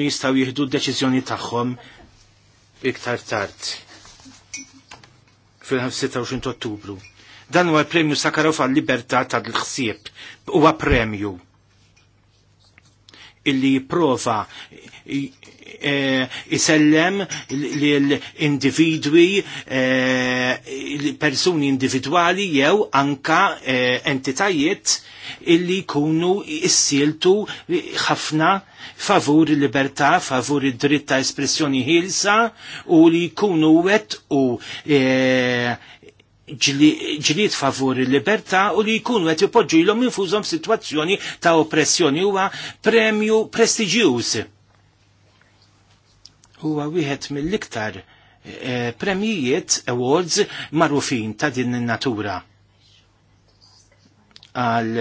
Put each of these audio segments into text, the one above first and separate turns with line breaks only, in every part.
jistaw jihdu d-deċizjoni tagħhom iktar tard fil-26 Ottubru. Dan huwa premju Sakarov għal libertà tal-ħsieb huwa premju illi jiprofa e, isellem l-individwi, e, persuni individwali jew anka e, entitajiet illi kunu issiltu ħafna favur il-libertà, favur id-dritt ta' espressjoni ħilsa u li jkunu wet u ġlied favuri libertà u li jkunu qed jupoġu jilom infużhom f'sitwazzjoni ta' oppressjoni huwa premju prestiġjuż. Huwa wieħed mill-iktar eh, premijiet awards marufin ta' din in-natura għal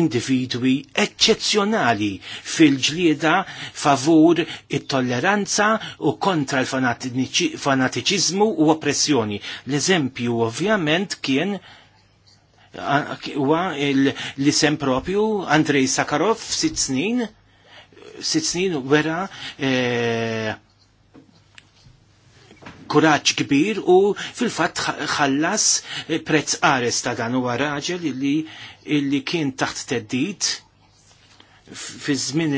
individwi eccezzjonali fil-ġlieda favur it-tolleranza u kontra l-fanatiċizmu u oppressjoni. L-eżempju ovvjament kien huwa l-isem propju Andrej Sakarov sit snin, sit snin wera eh, kuraġġ kbir u fil-fatt ħallas eh, prezz qares ta' dan huwa raġel illi, illi kien taħt teddit fi żmien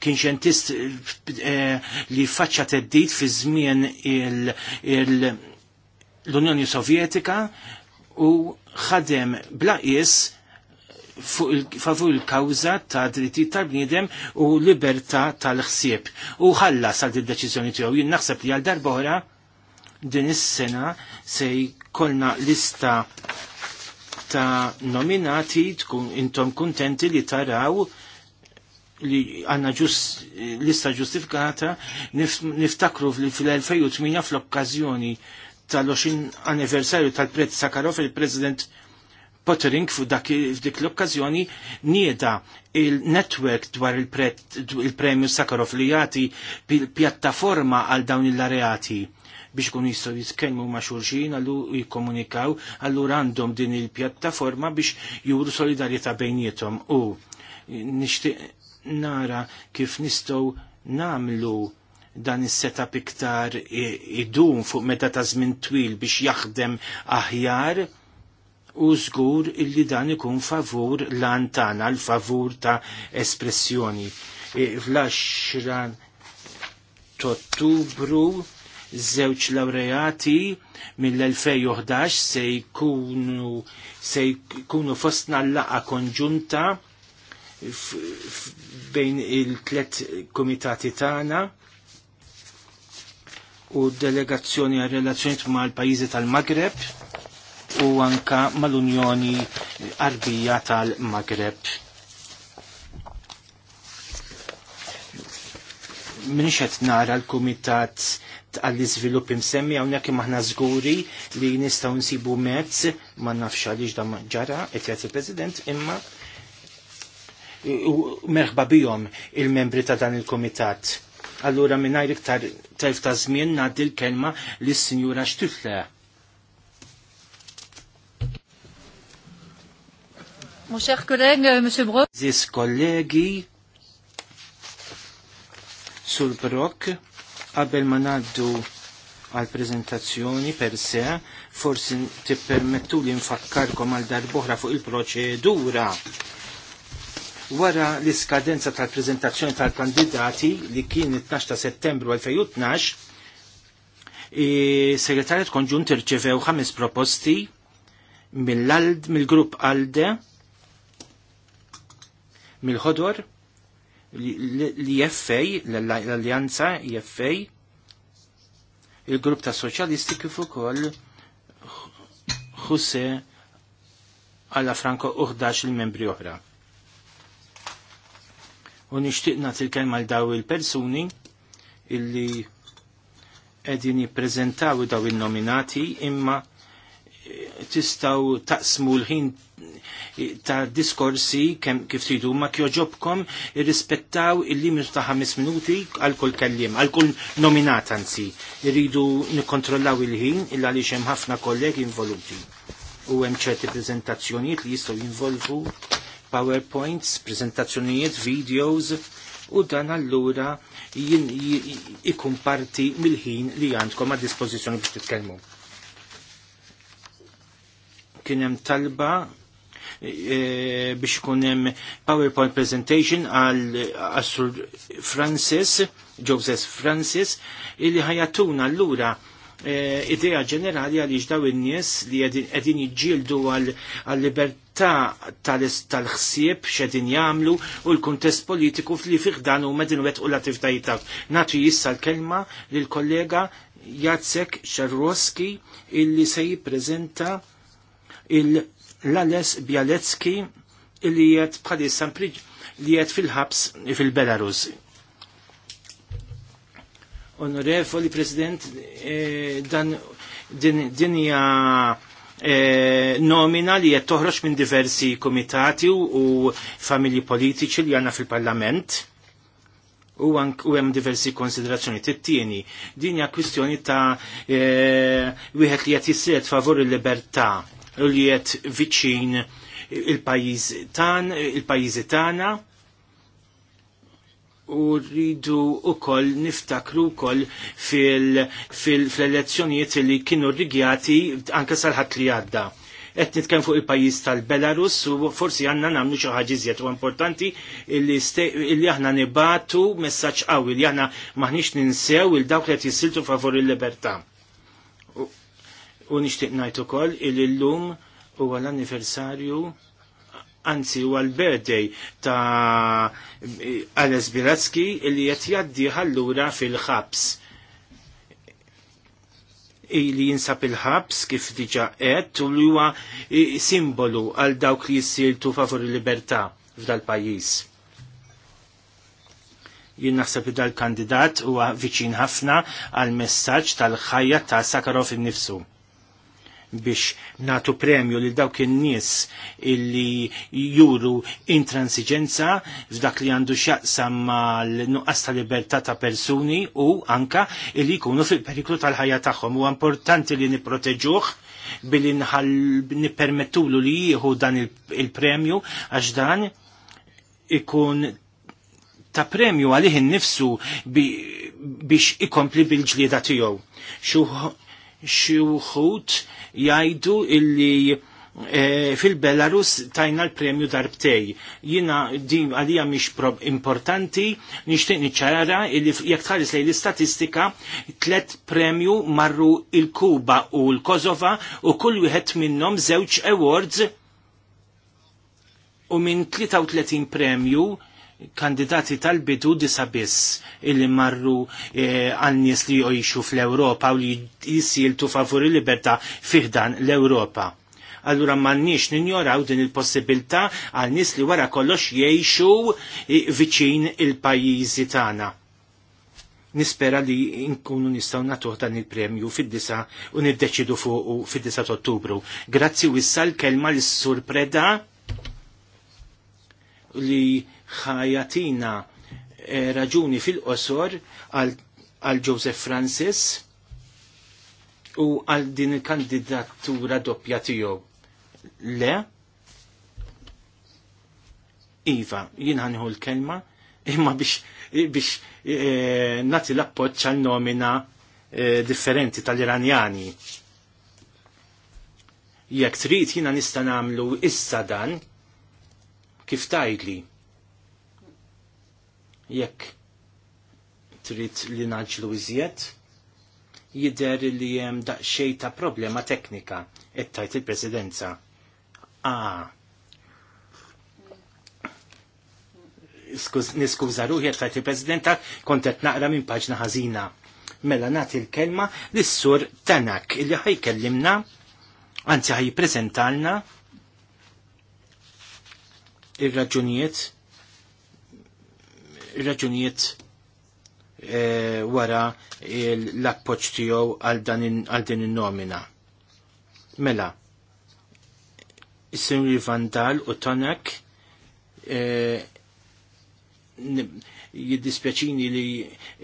kien xjentist eh, li faċċa teddit fi żmien l-Unjoni Sovjetika u ħadem blaqis favur il-kawza ta' dritti tal-bniedem u libertà tal-ħsieb. U ħalla sal din deċiżjoni tiegħu jien naħseb li għal darbora din is-sena se jkollna lista ta' nominati tkun intom kuntenti li taraw li għanna ġus, lista ġustifikata niftakru fil-2008 fl-okkazjoni tal-20 anniversarju tal-Prezz Sakarov il-President Pottering f'dik l-okkazjoni nieda il-network dwar il-premju Sakharov li jagħti pjattaforma għal dawn il-lareati biex kun jistgħu jitkellmu ma' xulxin għallu jikkomunikaw allura għandhom din il-pjattaforma biex juru solidarjetà bejnietom u nixtieq nara kif nistgħu namlu dan is-setup iktar idum fuq meta ta' żmien twil biex jaħdem aħjar u żgur illi dan ikun favur lantana l-favur ta' espressjoni. E, fl t ottubru żewġ laureati mill-2011 se jkunu se jkunu fostna l-laqa konġunta bejn il-tlet komitati tagħna u delegazzjoni għal relazzjoni mal pajjiżi tal-Magreb u anka mal-Unjoni Arbija tal-Magreb. Minix qed nara l-Kumitat għall-iżvilupp imsemmi hawnhekk imma aħna żguri li nistgħu nsibu mezz ma nafx għaliex dan ġara qed jagħti il-President imma merħba bihom il-membri ta' dan il-Kumitat. Allura mingħajr iktar telf ta' żmien ngħaddi l-kelma lis-Sinjura Stifler
Mon cher collègue, euh, Monsieur Brock.
Zis kollegi, sul Brock, qabel ma għal prezentazzjoni per se, forsi tippermettu li nfakkarkom għal darbohra fuq il-proċedura. Wara l-iskadenza tal-prezentazzjoni tal-kandidati li kien 12 ta' settembru 2012, segretarjat konġunt irċevew ħames proposti mill-grupp ALDE, mill-ħodor li jeffej, l allianza jeffej, il-grupp ta' soċjalisti kif ukoll Jose għala Franco uħdax il-membri oħra. U nixtieq nagħti l mal daw il-persuni illi qegħdin jippreżentaw daw il-nominati imma tistaw taqsmu l-ħin ta' diskorsi kem kif tridu ma kjoġobkom irrispettaw il-limitu ta' 5 minuti għal kull kellim, għal kull nominatanzi. Irridu nikkontrollaw il-ħin illa li xem ħafna kolleg involuti. U hemm ċerti prezentazzjonijiet li jistgħu jinvolvu PowerPoints, prezentazzjonijiet, videos u dan allura ikun parti mill-ħin li għandkom għad dispożizzjoni biex titkellmu kien hemm talba e, e, biex kunem hemm PowerPoint presentation għal Assur Francis, Joseph Francis, illi ħajatuna allura lura e, idea ġenerali għaliex iġdaw in-nies li qegħdin jiġġieldu għal libertà tal-ħsieb xedin jagħmlu u l-kuntest politiku fli fiħdan dan huma din wettqu l-attivitajiet tagħhom. issa l-kelma lill kollega Jacek Xarroski illi se jippreżenta Il-Lales Bialetski li jiet bħalissa li jiet fil-ħabs fil-Belarus. Onorevoli President, eh, dan din, dinja eh, nomina li qed toħroġ minn diversi komitati u, u familji politiċi li għanna fil-Parlament u hemm diversi konsiderazzjoni tittini. Din hija kwistjoni ta' eh, wieħed li qed jissir favur il-libertà li jett viċin il-pajjiż tan, il-pajjiżi tana u rridu u koll niftakru koll fil-elezzjonijiet fil, fil li kienu rigjati anka salħat li għadda. Et nitkem fuq il-pajis tal-Belarus u forsi għanna namlu xaħġi u importanti illi aħna nibatu messaċ għaw li maħnix ninsew il-dawk li jisiltu favor il-libertà. U nixtieq ngħid ukoll il illum huwa l-anniversarju anzi huwa l-birthday ta' Ales Biratski li qed għallura fil-ħabs li jinsab il-ħabs kif diġa qed u li huwa simbolu għal dawk li jissiltu favur il-libertà f'dal-pajjiż. Jien naħseb li dal-kandidat huwa viċin ħafna għal messaġġ tal-ħajja ta' Sakarov innifsu biex natu premju li dawk in-nies illi juru intransiġenza f'dak li għandu x'jaqsam mal-nuqqas ta' libertà ta' persuni u anka illi jkunu fil-periklu tal-ħajja tagħhom. U importanti li nipproteġuh billi nippermettulu li jieħu dan il-premju għax dan ikun ta' premju għalih innifsu biex ikompli bil-ġlieda tiegħu xi wħud jgħidu illi E, fil-Belarus tajna l-premju darbtej. Jina din għalija mish importanti, nishtiq niċċara illi jek tħares lej l-istatistika tlet premju marru il-Kuba u l-Kosova u kull wieħed minnhom żewġ awards u minn 33 premju kandidati tal-bidu disabis illi marru għannis e, li jojxu fl-Europa u li jisiltu favori libertà fiħdan l-Europa. Allura mannix ninjoraw din il-possibilità għal nis li wara kollox jiexu e, viċin il-pajjiżi tagħna. Nispera li nkunu nistaw natuħ dan il-premju fid-disa u niddeċidu fuq fid-disa ottubru. Grazzi wissa l-kelma l-surpreda li ħajatina eh, raġuni fil-qosor għal Joseph Francis u għal din il-kandidatura doppja tiegħu. Le? Iva, jien ħanħu l-kelma imma biex, biex e, eh, nati l-appoċ għal nomina e, differenti tal-Iranjani. Jekk trid jina nista' nagħmlu issa dan kif tajli jekk trid li naġlu iżjed, jider li jem daqxej ta' problema teknika, ettajt il-presidenza. Ah. Niskuża ruħi ettajt il-presidenta kontet naqra minn paġna ħażina. Mela nagħti il-kelma lis-sur Tanak illi ħajkellimna anzi prezentalna ir-raġunijiet raġunijiet e, wara l-appoċ tiegħu għal din in-nomina. Mela, is-Sinjuri Vandal u Tonak e, eh, jiddispjaċini li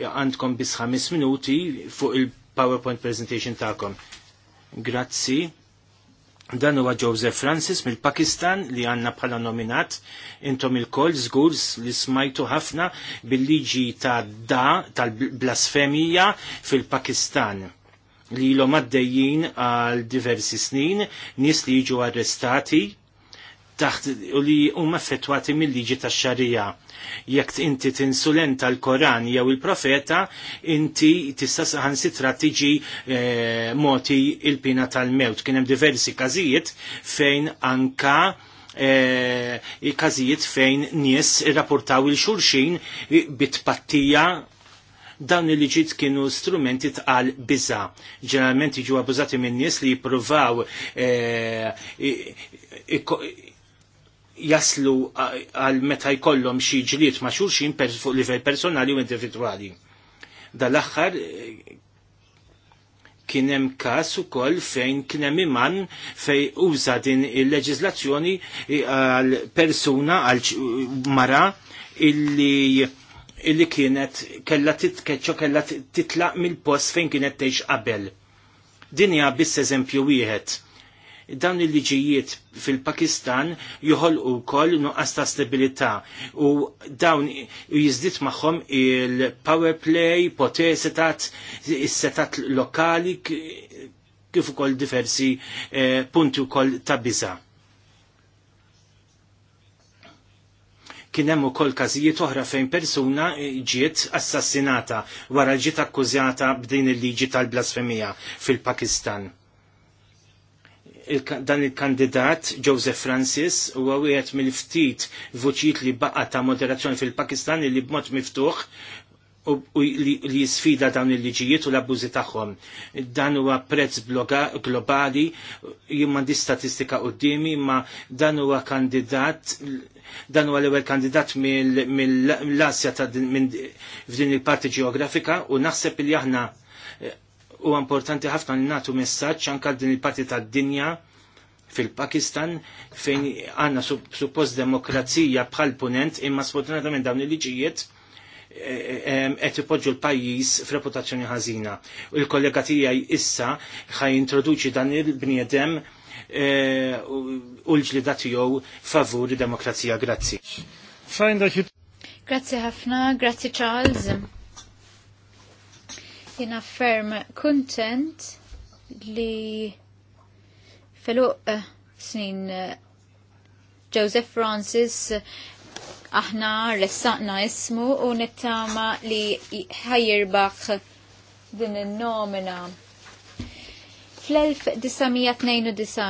għandkom bis ħames minuti fuq il-PowerPoint presentation ta'kom. Grazzi Dan huwa Joseph Francis mill-Pakistan li għanna bħala nominat intom il-koll żgur li smajtu ħafna bil-liġi ta' da tal-blasfemija fil-Pakistan li l omaddejjin għaddejjin għal diversi snin, nis li jiġu arrestati taħt u li huma effettwati mill-liġi tax-xarija. Jekk inti tinsulenta l-Koran jew il-profeta, inti tista' saħansitra tiġi e, moti il-pina tal-mewt. Kien hemm diversi każijiet fejn anka E, fejn nies rapportaw il-xurxin bitpattija dawn il-liġiet kienu strumenti tqal biża'. Ġeneralment jiġu abbużati minn nies li jippruvaw eh, jaslu għal meta jkollhom xi ġlied ma' xulxin fuq livell personali u individwali. Dal-aħħar eh, kien hemm każ ukoll fejn kien hemm imman fejn uża din il-leġiżlazzjoni eh, għal persuna għal eh, mara illi illi kienet kella titkeċċo kella titlaq mill-post fejn kienet tgħix qabel. Din hija biss eżempju wieħed dawn il-liġijiet fil-Pakistan juħol u kol nuqqas ta' stabilità u dawn jizdit maħħom il-power play, poter setat, setat lokali kif ukoll diversi eh, punti ukoll ta' biza'. kien hemm ukoll każijiet oħra fejn persuna ġiet assassinata wara ġiet akkużjata b'din il-liġi tal-blasfemija fil-Pakistan dan il-kandidat Joseph Francis u għawiet mill-ftit voċijiet li baqa ta' moderazzjoni fil-Pakistan li b'mod miftuħ u li jisfida dawn il-liġijiet u l-abbużi tagħhom. Dan huwa prezz globali, jimma di statistika dimi ma dan huwa kandidat dan huwa l-ewwel kandidat mill-Asja ta' f'din il-parti ġeografika u naħseb li aħna u importanti ħafna li natu messaġġ anke din il-parti tad-dinja fil-Pakistan fejn għanna suppost demokrazija bħal punent imma sfortunatament dawn il-liġijiet eh, eh, qed ipoġġu l-pajjiż f'reputazzjoni ħażina. Il-kollega tiegħi issa ħaj introduċi dan il-bniedem eh, u l ġlidat jew favur demokrazija. Grazzi. Grazzi
ħafna, grazie Charles jina ferm kontent li feluq eh, snin eh, Joseph Francis eh, aħna ressaqna ismu u nittama li ħajirbaħ din il-nomina. Fl-1992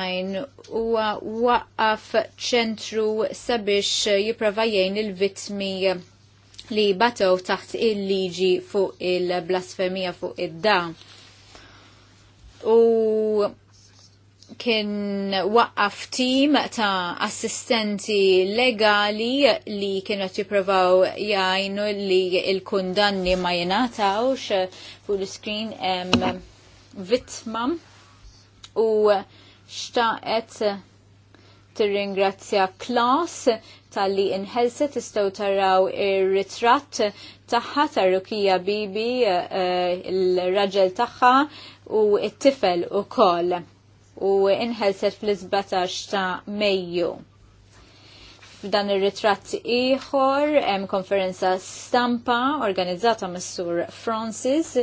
huwa waqqaf ċentru sabiex jipprova jgħin il-vitmi li batow taħt il-liġi fuq il-blasfemija fuq id-da. U kien waqqaf tim ta' assistenti legali li kienu jipprovaw jajnu li il-kundanni ma jenatawx fuq l-screen em vittma u xtaqet tirringrazzja Klas tal-li inħelset istaw taraw ir-ritratt tagħha ta' Rukija Bibi eh, il-raġel tagħha u t-tifel ukoll u inħelset fl-17 ta' Mejju f'dan ir-ritratt ieħor hemm konferenza stampa organizzata mis-Sur Francis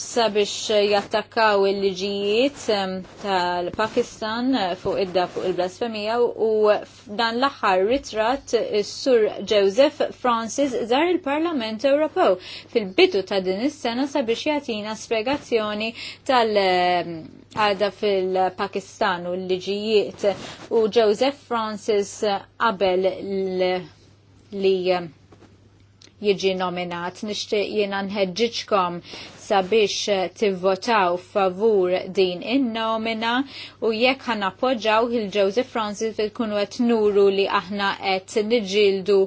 sabiex jattakkaw il-liġijiet tal-Pakistan eh, fuq idda fuq il-blasfemija u dan l-aħħar ritratt eh, sur Joseph Francis zar il-Parlament Ewropew fil-bidu ta' din is-sena sabiex jatina spiegazzjoni tal- għada fil-Pakistan u l-liġijiet u Joseph Francis qabel li jiġi nominat. Nixtieq jiena nħedġiċkom sabiex eh, tivvotaw favur din in-nomina u jekk ħan appoġġaw il-Joseph Francis fil kunwet qed nuru li aħna qed niġildu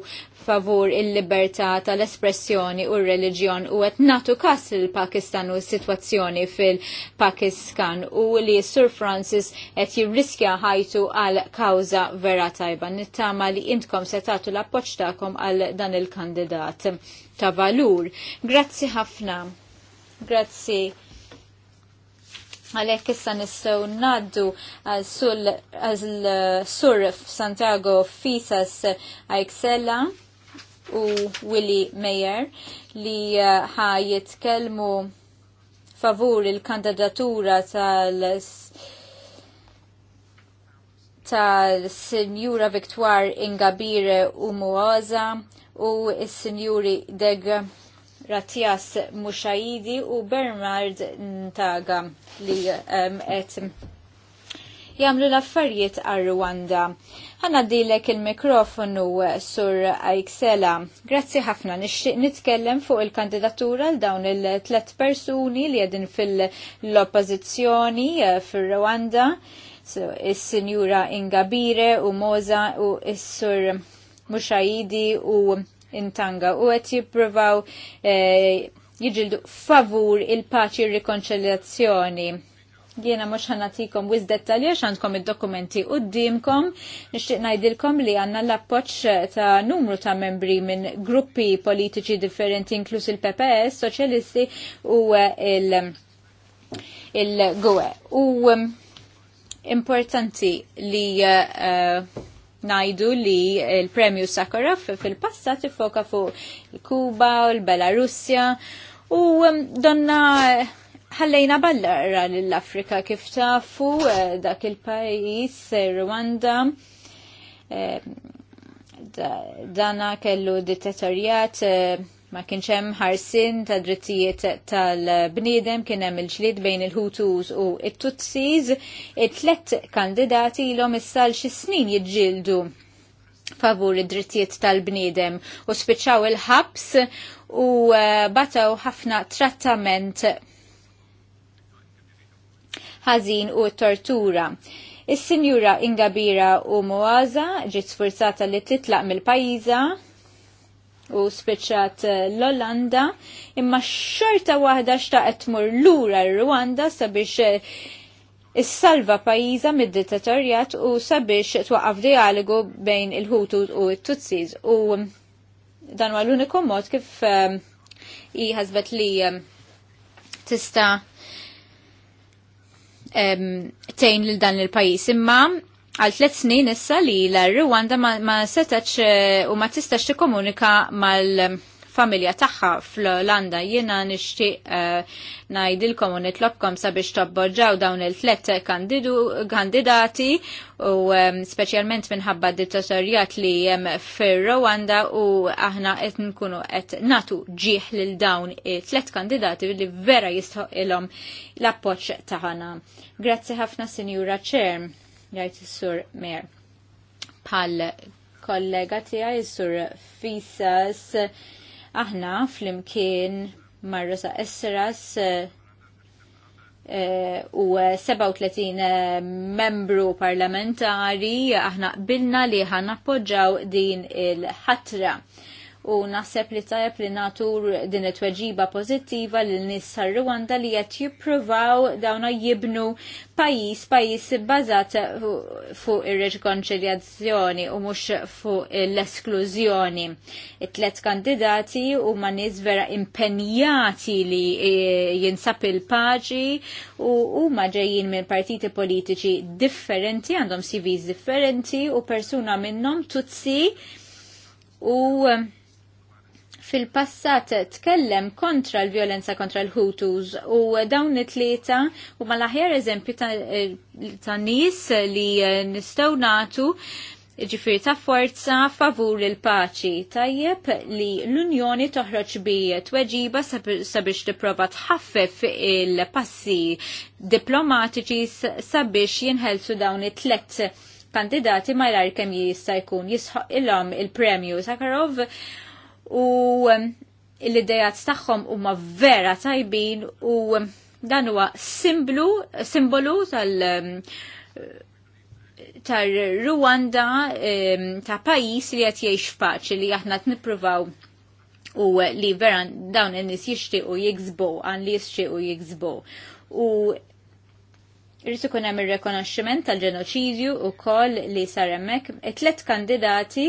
favur il-libertà tal-espressjoni u r-reliġjon u qed natu kas il-Pakistan u s-sitwazzjoni fil-Pakistan u li Sir Francis qed jirriskja ħajtu għal kawza vera tajba. Nittama li intkom se tagħtu l għal dan il-kandidat ta' valur. Grazzi ħafna. Grazzi. Għalek issa nistaw naddu għal-sur Santiago Fisas Aixella u Willy Meyer li uh, ħa jitkelmu favur il-kandidatura tal tal-Sinjura Victoire Ingabire u Muaza u s-Sinjuri Deg Ratjas Mushaidi u Bernard Ntaga li qed um, Jamlu l-affarijiet għar Rwanda. Ħanna dilek il-mikrofonu sur Aixela. Grazzi ħafna nixtieq nitkellem fuq il-kandidatura l dawn il-tlet persuni li għedin fil-oppożizzjoni eh, fir-Rwanda. So, is-Sinjura Ingabire u Moza u is-Sur Mushaidi u Intanga u qed jippruvaw e, jiġildu favur il-paċi il rikonċiljazzjoni. Jiena mhux ħanatikom wiz dettalji għax għandkom id-dokumenti d-dimkom. Nixtieq ngħidilkom li għandna l-appoġġ ta' numru ta' membri minn gruppi politiċi differenti inkluż il-PPS, Soċjalisti u eh, il-GUE. u e. ehm, importanti li eh, najdu li il-premju Sakharov fil-passat ifoka fuq il-Kuba u l-Belarusja u ehm, donna eh, ħallejna ballara l-Afrika kif tafu eh, dak il-pajis eh, Rwanda eh, dana kellu dittatorjat ma kienx hemm ħarsin ta' drittijiet tal-bniedem kien hemm il-ġlied bejn il-Hutus u it-Tutsis, it-tlet kandidati ilhom issa xi snin jiġġieldu favur id-drittijiet tal-bniedem u spiċċaw il-ħabs u bataw ħafna trattament ħażin u tortura. Is-sinjura Ingabira u Moaza ġiet sforzata li titlaq mill-pajjiża u spiċċat eh, l-Olanda, imma xorta waħda xtaqet tmur lura r-Rwanda sabiex eh, is-salva pajiza mid-dittatorjat u sabiex twaqqaf dialogu bejn il-Hutu u t-Tutsis. U mm, dan huwa l-uniku mod kif eh, iħasbet li tista' tejn lil dan il-pajis. Imma għal tliet snin issa li l-Rwanda ma ma setax eh, u ma tistax tikkomunika mal- familja tagħha fl-Olanda. Jiena nixtieq najdilkom eh, ngħidilkom u nitlobkom sabiex tobboġġaw dawn il-tlet kandidati u specialment eh, speċjalment minħabba dittatorjat li hemm fil rwanda u aħna qed nkunu qed natu ġieħ lil dawn it-tlet kandidati li vera jistħoq ilhom l-appoġġ taħana. Grazzi ħafna Sinjura Chair, jgħid is-Sur Mer. Pal kollega is sur Fisas, Aħna flimkien marrosa Esseras eh, u 37 eh, membru parlamentari aħna qbilna li ħan appoġġaw din il-ħatra u naħseb li tajab li natur din it-tweġiba pozittiva li nis Rwanda li qed jippruvaw dawna jibnu pajis pajis bazat fuq ir reġkonċiljazzjoni u mhux fuq l-esklużjoni. It-tlet kandidati u ma nies vera impenjati li e, jinsab il-paġi u huma ġejjin minn partiti politiċi differenti, għandhom CVs differenti u persuna minnhom tutsi u fil-passat tkellem kontra l-violenza kontra l-Hutus u dawn it-tlieta u mal-aħjar eżempju ta' nies li nistgħu natu ġifiri ta' forza favur il-paċi. Tajjeb li l-Unjoni toħroġ bi tweġiba sabiex tipprova tħaffef il-passi diplomatiċi sabiex jinħelsu dawn it-tlet kandidati ma jrar kemm jista' jkun jisħoq il-premju Sakharov u l-idejat tagħhom huma vera tajbin u dan huwa simbolu simbolu tal tar Rwanda ta' pajis li qed jgħix faċi li aħna t-nipruvaw u li veran dawn in-nies jixtiequ jiksbu għan li jixtiequ jiksbu. U Irritu ikun hemm ir-rikonoxximent tal-ġenoċidju wkoll li sar hemmhekk. Tlet kandidati,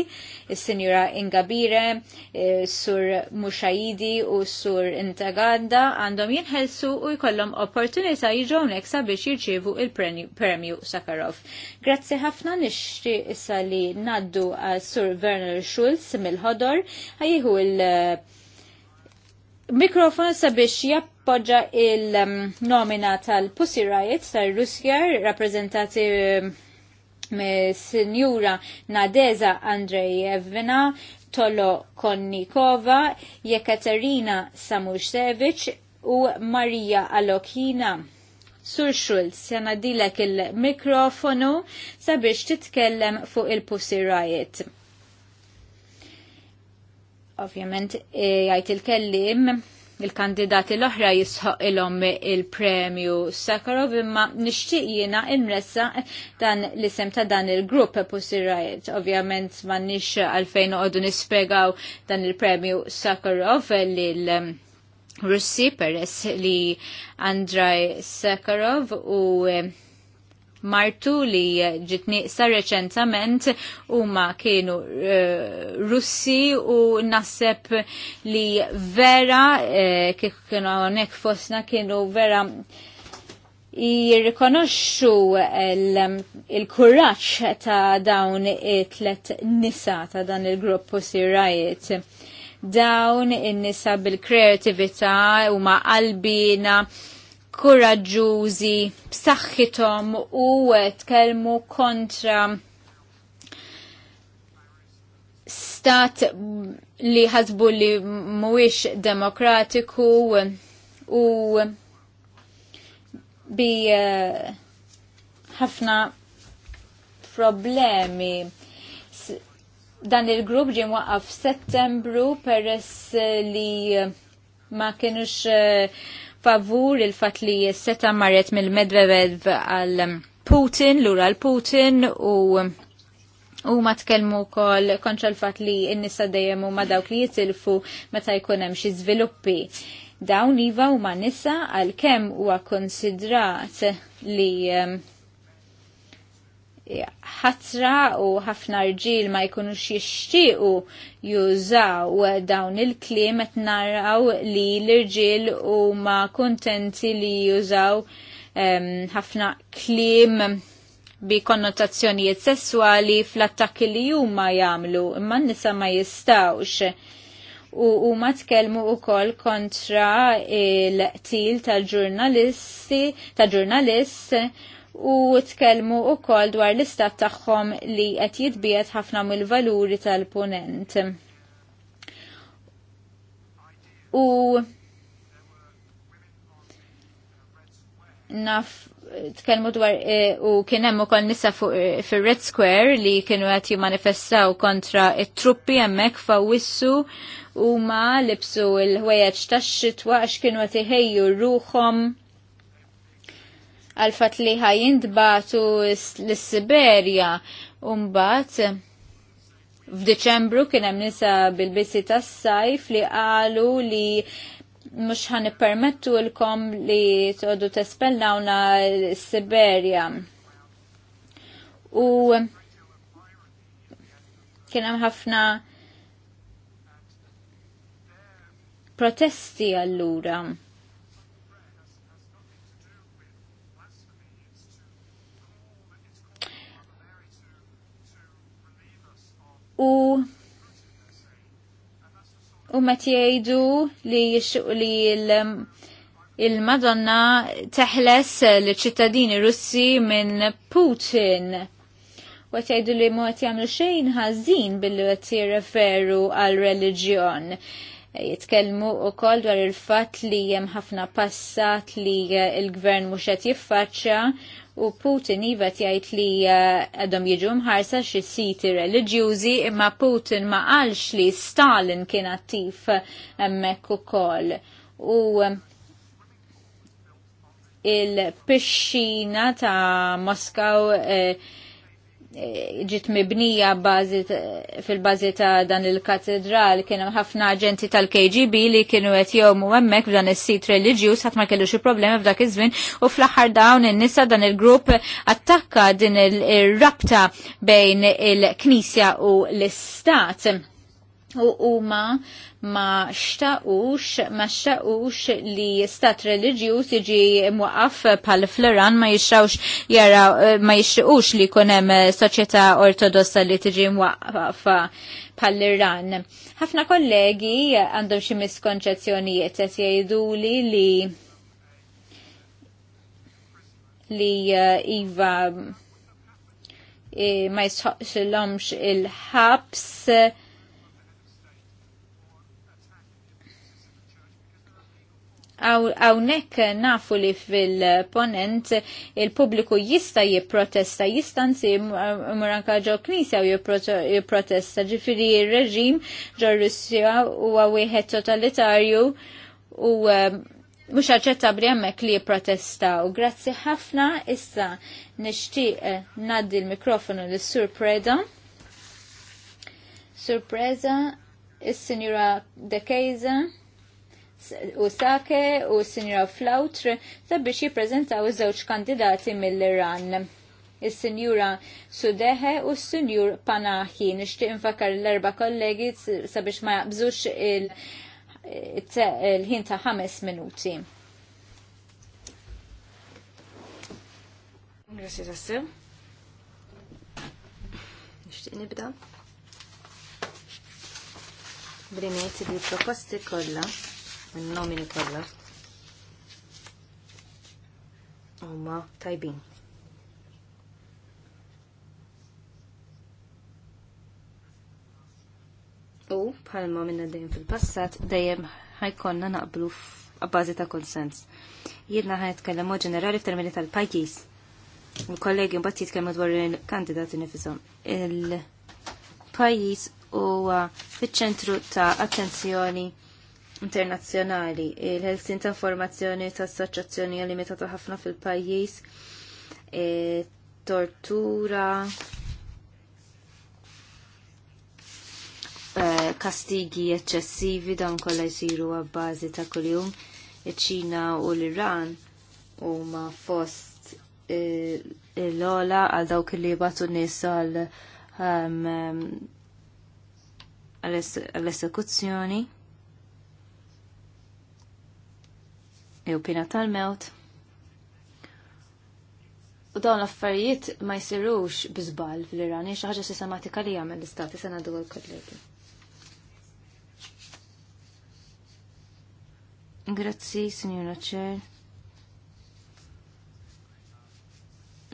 is-Sinjura Ingabire, eh, Sur Mushaidi u Sur Intaganda għandhom jinħelsu u jkollhom opportunità jiġu hawnhekk sabiex jirċievu il-Premju Sakharov. Grazzi ħafna nixtieq issa li naddu għal Sur Werner Schulz mill-ħodor ħajjieħu il- Mikrofon sabiex jappoġġa il-nomina um, tal-Pussy Riot tal-Russja rappresentati me um, Sinjura Nadeza Andrejevna, Tolo Konnikova, Jekaterina Samushevich u Marija Alokina. Sur Schulz, jana dilek il-mikrofonu sabiex titkellem fuq il-Pussy Riot. Ovvjament, e, jgħid il-kellim il-kandidati l-oħra jisħoq il-om il-premju Sakharov imma nixtieq jiena inressa dan l-isem ta' dan il-grupp Pussirajt. Ovvjament nix għalfejn noqogħdu nispjegaw dan il-premju Sakharov lil um, Russi peress li Andrei Sakharov u um, martu li ġitni nieqsa reċentament huma kienu uh, Russi u nasseb li vera uh, kif kienu hawnhekk fosna kienu vera jirrikonoxxu il-kuraċ ta' dawn it-tlet nisa ta' dan il-grupp Pussirajiet. Dawn in-nisa bil-kreativita u ma' qalbina kuraġuzi b'saħħithom u tkellmu kontra stat li ħasbu li mhuwiex demokratiku u bi eh, ħafna problemi dan il-grupp ġie waqaf f'Settembru peress li ma kienux eh, favur il-fat li seta marret mill-Medvedev għal um, Putin, l-ura l-Putin u u ma tkellmu kol kontra l-fat li n-nisa dejjem u ma dawk li jitilfu meta jkun hemm xi żviluppi. Dawn iva u ma nisa għal kemm huwa konsidrat li um, ħatra u ħafna rġil ma jkunux jixtiequ jużaw dawn il-kliem qed naraw li l-irġiel huma kuntenti li jużaw ħafna klim kliem bi konnotazzjonijiet sessuali fl-attakki li huma jagħmlu imma n-nisa ma jistawx u huma tkellmu wkoll kontra il-qtil tal-ġurnalisti tal-ġurnalist u tkellmu wkoll dwar l-istat tagħhom li qed jitbiet ħafna mill-valuri tal-punent. U naf tkellmu dwar e, u kien hemm ukoll nisa fir-Red Square li kienu qed jimmanifestaw kontra it-truppi hemmhekk fawissu huma libsu l-ħwejjeġ tax-xitwa għax kienu qed iħejju ruħhom għalfat li batu l-Siberja un-bat f'Deċembru kien hemm nisa bil-bisi tas-sajf li qalu li mhux ħan l-kom li tgħodu tespellawna l-Siberja. U kien hemm ħafna protesti allura. u u met jgħidu li li il-Madonna teħles l-ċittadini Russi minn Putin. U għet jgħidu li mu għet jgħamlu xejn ħazin billi għet jirreferu għal reliġjon jitkellmu u koll dwar il-fat li jem ħafna passat li il-gvern muxet qed jiffaċċja u Putin jivet jgħid li eh, għadhom jiġu mħarsa xi siti reliġjużi imma Putin ma qalx li Stalin kien attiv hemmhekk ukoll. U eh, il-pixxina ta' Moskaw uh, eh, ġit mibnija fil-bazi ta' dan il-katedral kienu ħafna ġenti tal-KGB li kienu qed jgħumu hemmhekk f'dan is-sit religjus, ħadd ma kellux problemi f'dak iż-żmien u fl-aħħar dawn in-nisa dan il-grupp attakka din ir-rabta bejn il-Knisja u l-Istat u huma ma xtaqux, ma xtaqux li stat religjuż jiġi mwaqaf pal iran ma jixtawx jara, ma jixtaqux li kunem soċjetà ortodossa li tiġi mwaqaf pal iran Ħafna kollegi għandhom xi miskonċezzjonijiet qed jgħiduli li li uh, iva eh, ma jisħoqx l-omx il-ħabs Għawnek nafu li fil-ponent il-publiku jista jiprotesta, jista nsi muranka ġo knisja u jiprotesta, ġifiri il-reġim ġo Russja u għawihet totalitarju u mux ehm, aċċettabli għemmek li jiprotesta. U grazzi ħafna issa nishtiq eh, naddi l-mikrofonu li surpreda. Surpreda, Sur Preda, il De Kejza u Sake u Sinjora Flautr sabiex jippreżentaw iż-żewġ kandidati mill-Iran. Is-Sinjura Sudehe u s-Sinjur Panahi. Nixtieq infakar l-erba' kollegi sabiex ma jaqbżux il-ħin ta' ħames minuti.
Grazie tassew. Nixtieq nibda. Brinieti di proposti kollha il-nomini kollha huma tajbin. U bħalma minna dejjem fil-passat dejjem ħajkonna naqblu f'bażi ta' konsens. Jiedna ħajtkellem mod ġenerali f'termini tal-pajjiż. Il-kollegi mbagħad jitkellmu dwar il-kandidati nifisom. Il-pajjiż huwa fiċ-ċentru ta' attenzjoni internazzjonali. Il-ħelsin ta' formazzjoni ta' assoċjazzjoni limitata ħafna fil-pajjiż, e, tortura, e, kastigi eċċessivi dawn kollha jsiru għabbażi ta' kuljum. Iċ-Ċina u l-Iran huma fost e, l-ola għal dawk li n nies għal għall-esekuzzjoni. Um, jew pina tal-mewt. U dawn l-affarijiet ma jsirux biżbal fil-Iran, xi ħaġa sistematika li jagħmel l-istati sena għadu l-kollegi. Grazzi, Signora Cher.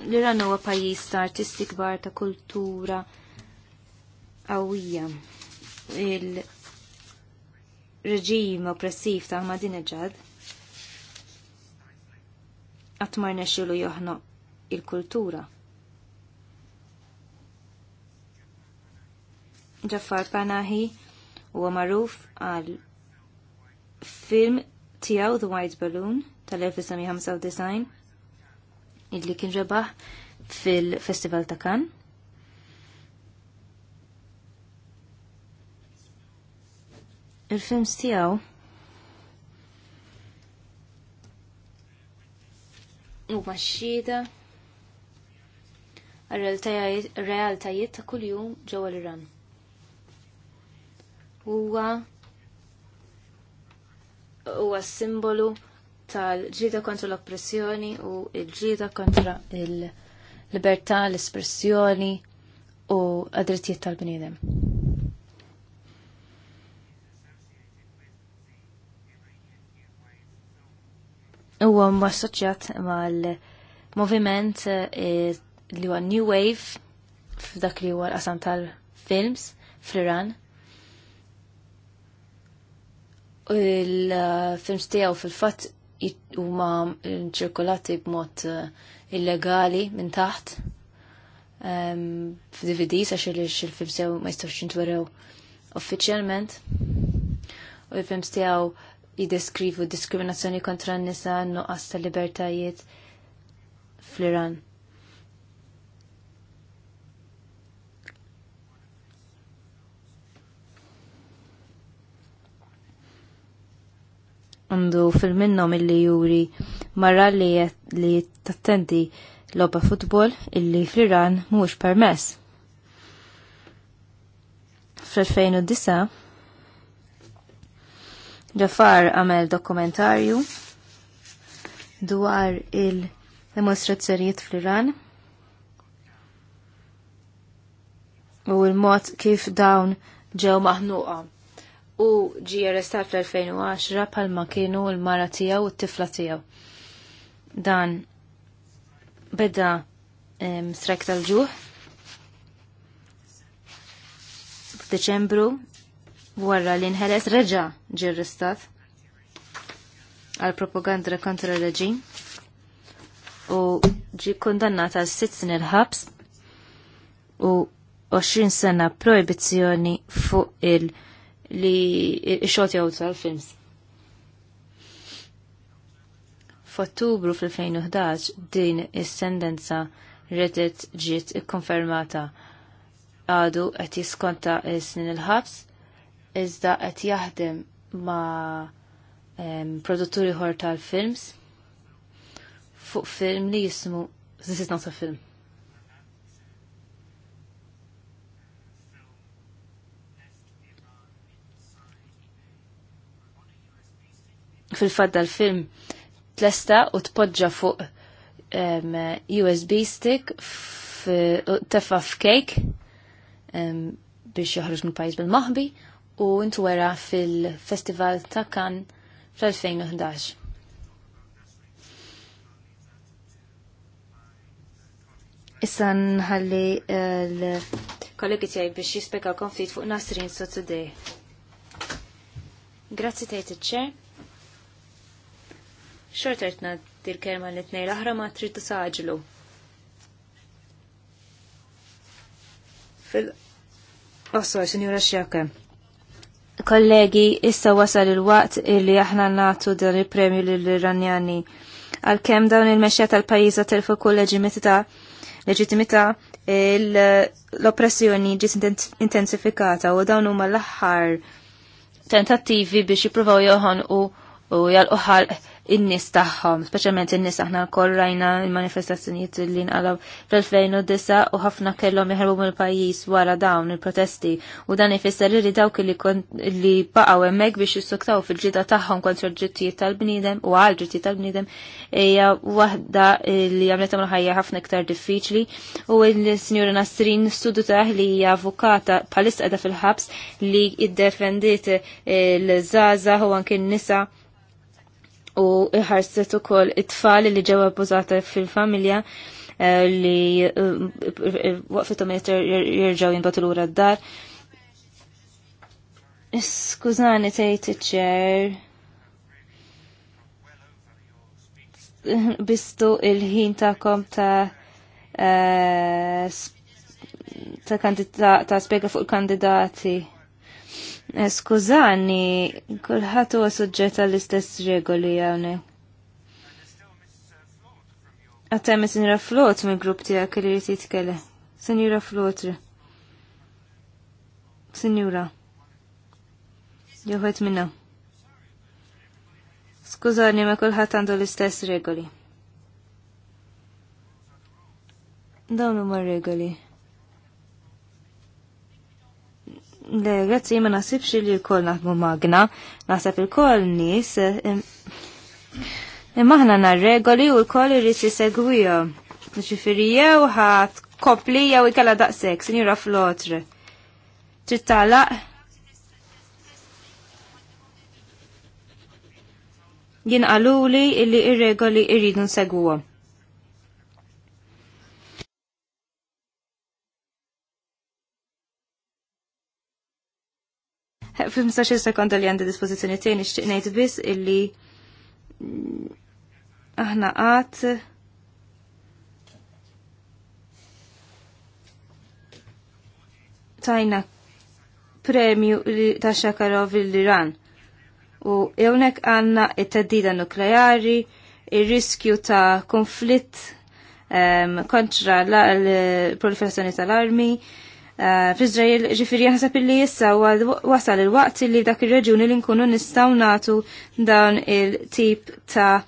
L-Iran huwa pajjiż ta' artisti kbar ta' kultura qawwija. Il-reġim oppressiv ta' Ahmadinejad għatmar nexilu joħno il-kultura. Ġaffar Panahi huwa magħruf għal film tiegħu The White Balloon tal-1995 illi kien rebaħ fil-Festival ta' Kan. Il-films tiegħu u maċċida għal-realtajiet ta' kuljum ġewwa l-Iran. Huwa huwa simbolu tal-ġida kontra l-oppressjoni u l-ġida kontra il-libertà, l-espressjoni u għadrittijiet tal-bniedem. huwa assoċjat mal-moviment eh, li huwa New Wave f'dak li huwa l-qasam tal-films fl-Iran. Il-films tiegħu fil-fatt huma ċirkolati b'mod eh, illegali minn taħt ehm, f'DVDs għax il-films tiegħu ma jistgħux jintwerew uffiċjalment. U l-films tiegħu jideskrivu diskriminazzjoni kontra n-nisa nuqqas ta' libertajiet fl-Iran. għandu fil-minnom illi juri marra li, li tattendi loba futbol illi fl-Iran mux permess. Fl-2009 Ġafar għamel dokumentarju dwar il demonstrazzjoniet fl-Iran u l-mod kif dawn ġew maħnuqa. U ġi arrestat fl-2010 palma kienu l-mara tiegħu u t-tifla tiegħu. Dan bedda strek tal-ġuħ f'Deċembru wara li nħeles reġa ġirristat għal propaganda kontra reġim u ġi kondannat għal 6 snin ħabs u 20 sena proibizjoni fuq il- li xoti għawt tal-films. F'Ottubru fil-2011 din is-sendenza redet ġiet ikkonfermata għadu qed jiskonta snin il-ħabs iżda qed jaħdem ma' produtturi ħor tal-films fuq film li jismu not a film. Fil-fadda l-film tlesta u tpoġġa fuq um, USB stick teffa f'kejk um, biex joħroġ mill pajjiż bil-maħbi u ntwera fil-Festival ta' Kan fl-2011. Issa nħalli eh, l-kollegi tijaj biex jispjega konflitt fuq Nasrin so today. Grazzi tgħid iċ-ċer. Xorta qed ngħaddi l-kelma li tnejn l ma trid saġlu. fil għaxin jura Xjake. Kollegi, issa wasal il-waqt illi aħna natu dan il-premju lill-Iranjani. Għal-kem dawn il mesċa tal-pajiza telfu kull leġitimita l-oppressjoni ġiet intensifikata u dawn huma l-aħħar tentattivi biex jippruvaw joħon u jal-uħal in-nies tagħhom, speċjalment in-nies aħna wkoll rajna l-manifestazzjonijiet li nqalab fl-2009 u ħafna kellhom jeħrbu mill-pajjiż wara dawn il-protesti u dan ifisser li dawk li baqgħu hemmhekk biex jissuktaw fil-ġida tagħhom kontra l-ġittijiet tal-bniedem u għal ġittijiet tal-bniedem hija waħda li għamlet ħajja ħafna iktar diffiċli u l-Sinjura Nasrin studu taħ li hija avukata bħalissa qiegħda fil-ħabs li iddefendiet l żaża u anke n-nisa u iħarset ukoll it-tfal li ġew abbużata fil-familja eh, li eh, jirġaw jimbat l-ura d-dar. Skużani tgħid iċ Bistu il-ħin tagħkom ta' eh, ta' ta' spiega fuq il-kandidati. Eh, skużani, kulħadd huwa suġġett għall-istess regoli hawnhekk. Għattem sinjura flot mill grupp tiegħek li jrid jitkellem. Sinjura flotri. Sinjura. Juhet minna. Skużani ma kulħadd għandu l-istess regoli. Dawn huma regoli. regoli. Le, grazzi, ma nasib li l-koll naħmu magna, nasib il-koll nis, imma ħna narregoli u l-koll irrid jisegwija. Ġifiri jew ħat kopli jew ikala daqsek, sinjura flotre. Trid talaq? Jien qaluli illi ir-regoli segwija. 15 sekonda li għandi dispozizjoni tiegħi nixtieq ngħid biss illi aħna qatt tajna premju ta' Shakarov l-Iran. U hawnhekk għandna it-teddida nukleari, ir-riskju ta' konflitt um, kontra l-proliferazzjoni tal-armi, Eh, f'Izrael ġifiri jaħseb illi jissa wasal il-waqt li dak il-reġuni li nkunu nistaw natu dan il-tip ta'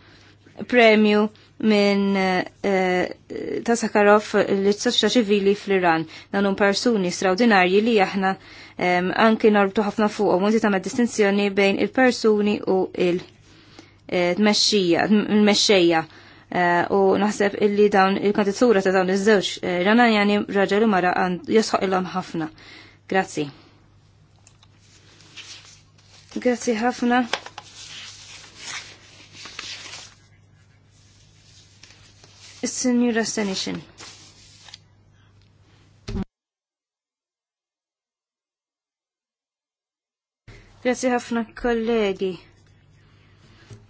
premju minn eh, ta' Sakarov l-soċċa ċivili fl-Iran. Dan un persuni straordinarji li aħna anki norbtu ħafna fuq u munti ta' distinzjoni bejn il-persuni u il eh, mesċija il mexxejja Eh, u naħseb illi dawn il-kandidatura ta' dawn iż-żewġ eh, rana jani raġel u mara għand il ilhom ħafna. Grazzi. Grazzi ħafna. Is-Sinjura Senixin. Grazzi ħafna kollegi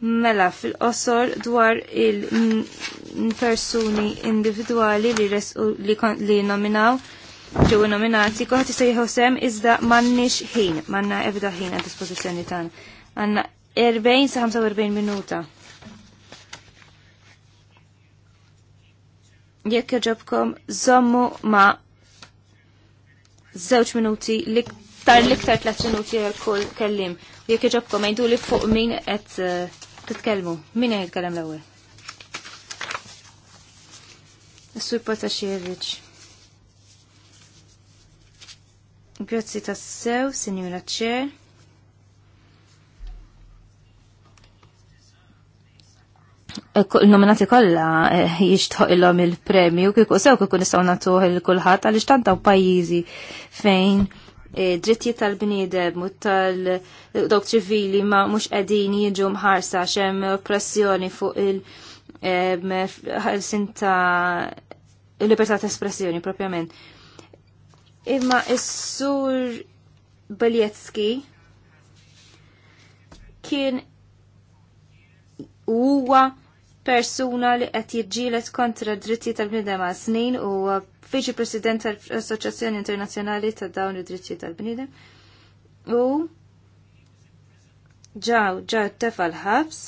mela fil-qosor dwar il-persuni individuali li, li, li nominaw ġew nominati koħat jista' jieħu sem iżda m'għandniex ħin, m'għandna ebda ħin għad dispożizzjoni tagħna. Għandna 40 sa 45 minuta. Jekk joġobkom żommu ma' żewġ minuti tar liktar tliet minuti għal kull kellim. Jekk ma' għajdu li fuq min qed eh, Titkellmu, min qed jitkellem l-ewwel? Is-Sur Potaxjevic. Grazzi tassew, Sinjura Chair. E, il-nominati kolla e, jishtħu il-lom il-premju, kiku sew kiku nistaw natuħ il-kulħat, għal ixtantaw pajizi fejn drittijiet tal-bniedem u tal-dok ċivili ma mux qegħdin jiġu mħarsa xem oppressjoni fuq il-ħelsin ta' libertà ta' espressjoni propjament. Imma is-sur Baljetski kien huwa persuna li qed jiġġieled kontra d-dritti tal-bniedem snin u viċi president tal-Assoċjazzjoni Internazzjonali ta' dawn id-drittijiet tal-bniedem. U ġaw ġaw tefal ħabs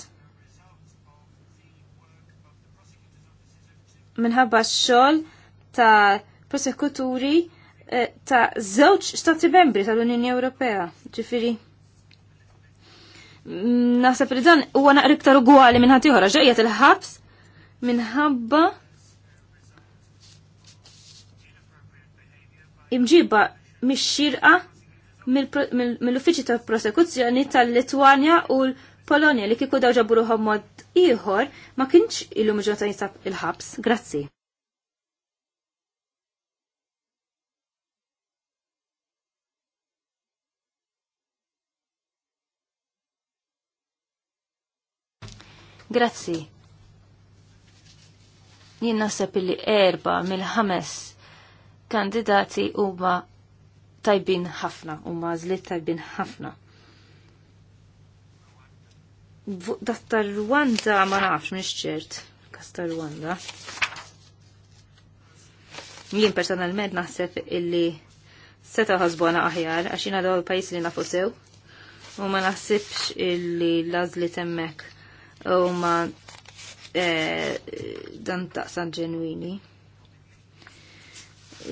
minħabba x-xogħol ta' prosekuturi eh, ta' żewġ stati membri tal-Unjoni Ewropea. Ġifiri, naħseb li dan huwa naqrib tar ugwali minn ħadd ieħor ġejjed il-ħabs minħabba imġiba mix-xirqa mill-uffiċi ta' prosekuzzjoni tal-Litwanja u l-Polonja li kiku daw ġaburuħom mod ieħor ma kienx illum ġota jinsab il-ħabs. Grazzi. Grazzi. Jien naħseb illi erba mill-ħames kandidati huma tajbin ħafna, huma għażliet tajbin ħafna. Dak Rwanda ma nafx mhix ċert, kas Rwanda. Jien personalment naħseb illi seta ħasbona aħjar għax jiena daw il-pajjiż li nafu sew u ma naħsibx illi lażli temmek u ma eh, dan taqsan ġenwini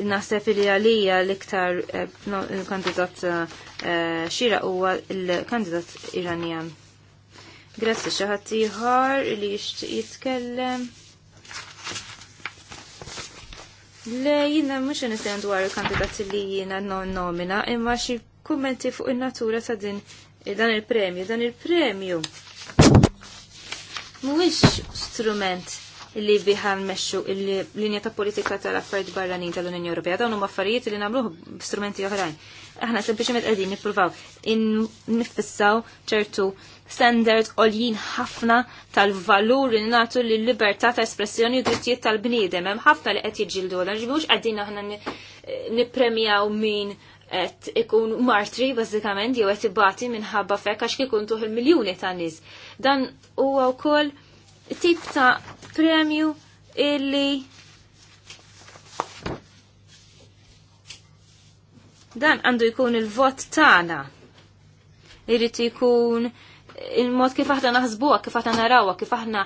naħseb li għalija l-iktar eh, kandidat eh, xira huwa l-kandidat Iranjan. Grazzi xaħat iħar li jitkellem. Le jina mux nisem dwar il-kandidat li jina non nomina imma xi kummenti fuq in-natura ta' din dan il-premju. Dan il-premju mhuwiex strument li biħan meċu il-linja ta' politika tal-affarijiet barranin tal-Unjoni Ewropea. Dawn huma affarijiet li nagħmluh b'strumenti oħrajn. Aħna sempliċement qegħdin nippruvaw nifissaw ċertu standard għoljin ħafna tal-valur li natu li libertà ta' espressjoni u drittijiet tal-bniedem. Hemm ħafna li qed jiġġieldu għal ġibux qegħdin aħna nippremjaw min qed ikun martri bażikament jew qed ibati minħabba fek għax kikun tuħ il-miljuni ta' nies. Dan huwa wkoll tip ta' premju illi dan għandu jkun il-vot tagħna. irrit ikun il-mod kif aħna naħsbuha, kif aħna narawha, kif aħna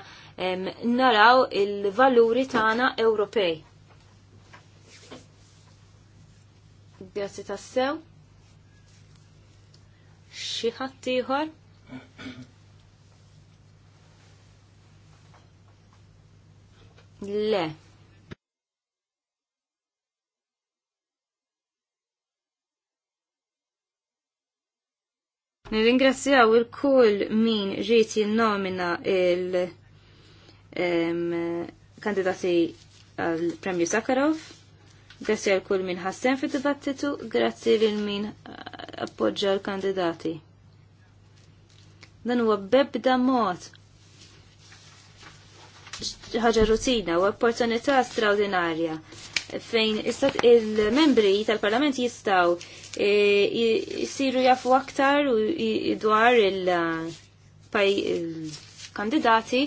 naraw il-valuri tagħna Ewropej. Grazzi tassew. Xi ħadd ieħor? Le. Nirringrazzjaw il-kull min ġiet jinnomina il-kandidati għal-Premju Sakharov. Grazzi għal kull min ħassen fit dibattitu grazzi lil min eh, appoġġa l-kandidati. Dan huwa bebda mod ħaġa rutina u opportunità straordinarja fejn il-membri tal-parlament jistaw e, jisiru jafu aktar u dwar il-kandidati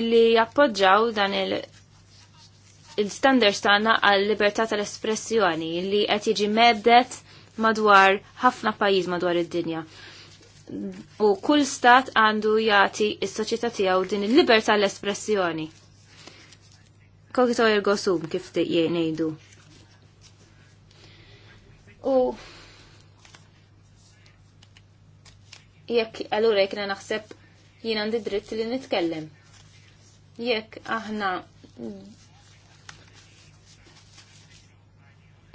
illi jappoġġaw dan il- il-standards tagħna għal libertà tal-espressjoni li qed jiġi mebdet madwar ħafna pajjiż madwar id-dinja u kull stat għandu jati is-soċjetà tiegħu din il-libertà l-espressjoni. Kokito jirgosum kif jgħidu. U jekk allura jekk naħseb jien għandi dritt li nitkellem. Jekk aħna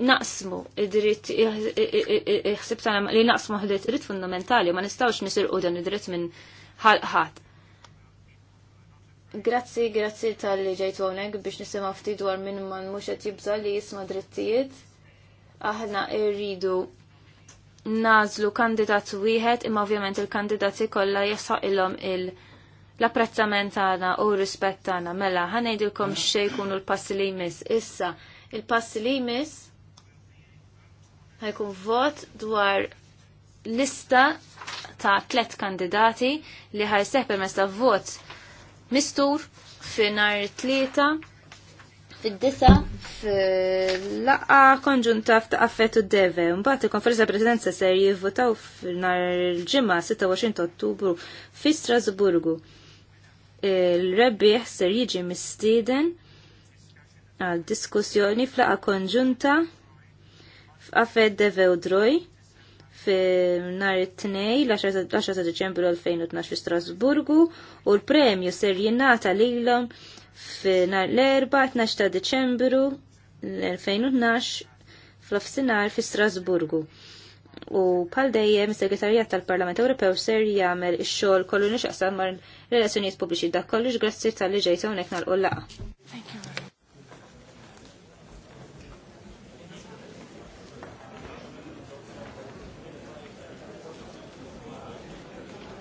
naqsmu id-dritt iħsib li naqsmu id-dritt fundamentali ma nistgħux nisirqu dan id-dritt minn ħalħat. Grazzi, grazzi tal-li ġejtu hawnhekk biex nisimgħu ftit dwar minn man mhux qed jibża li jisma' drittijiet. Aħna rridu nazlu kandidat wieħed imma ovvjament il-kandidati kollha jesaq ilhom il l-apprezzament tagħna u rispett tagħna mela ħanejdilkom xejn jkunu l-passi li jmiss issa il-pass li jmiss ħajkun vot dwar lista ta' tlet kandidati li ħajseħ permess ta' vot mistur f'nar tlieta fid-disa fil-laqa konġunta f'taqaffet u d-deve. Mbagħad il-konferenza presidenza ser jivvotaw f'nar il-ġimgħa 26 Ottubru fi Strasburgu. Il-rebbieħ ser jiġi mistieden għal diskussjoni f'laqa konġunta f'Afed De Droj f'nar it-tnej l-10 ta' Deċembru 2012 fi Strasburgu u l-premju ser jingħata lilhom f'nar l-4 ta' Deċembru l-2012 fl-ofsinar fi Strasburgu. U pal dejjem segretarjat tal-Parlament Ewropew ser jagħmel ix-xogħol kollu nixaqsam mar relazzjonijiet pubbliċi dak kollox grazzi tal-li ġejt hawnhekk nagħlqu l-laqa.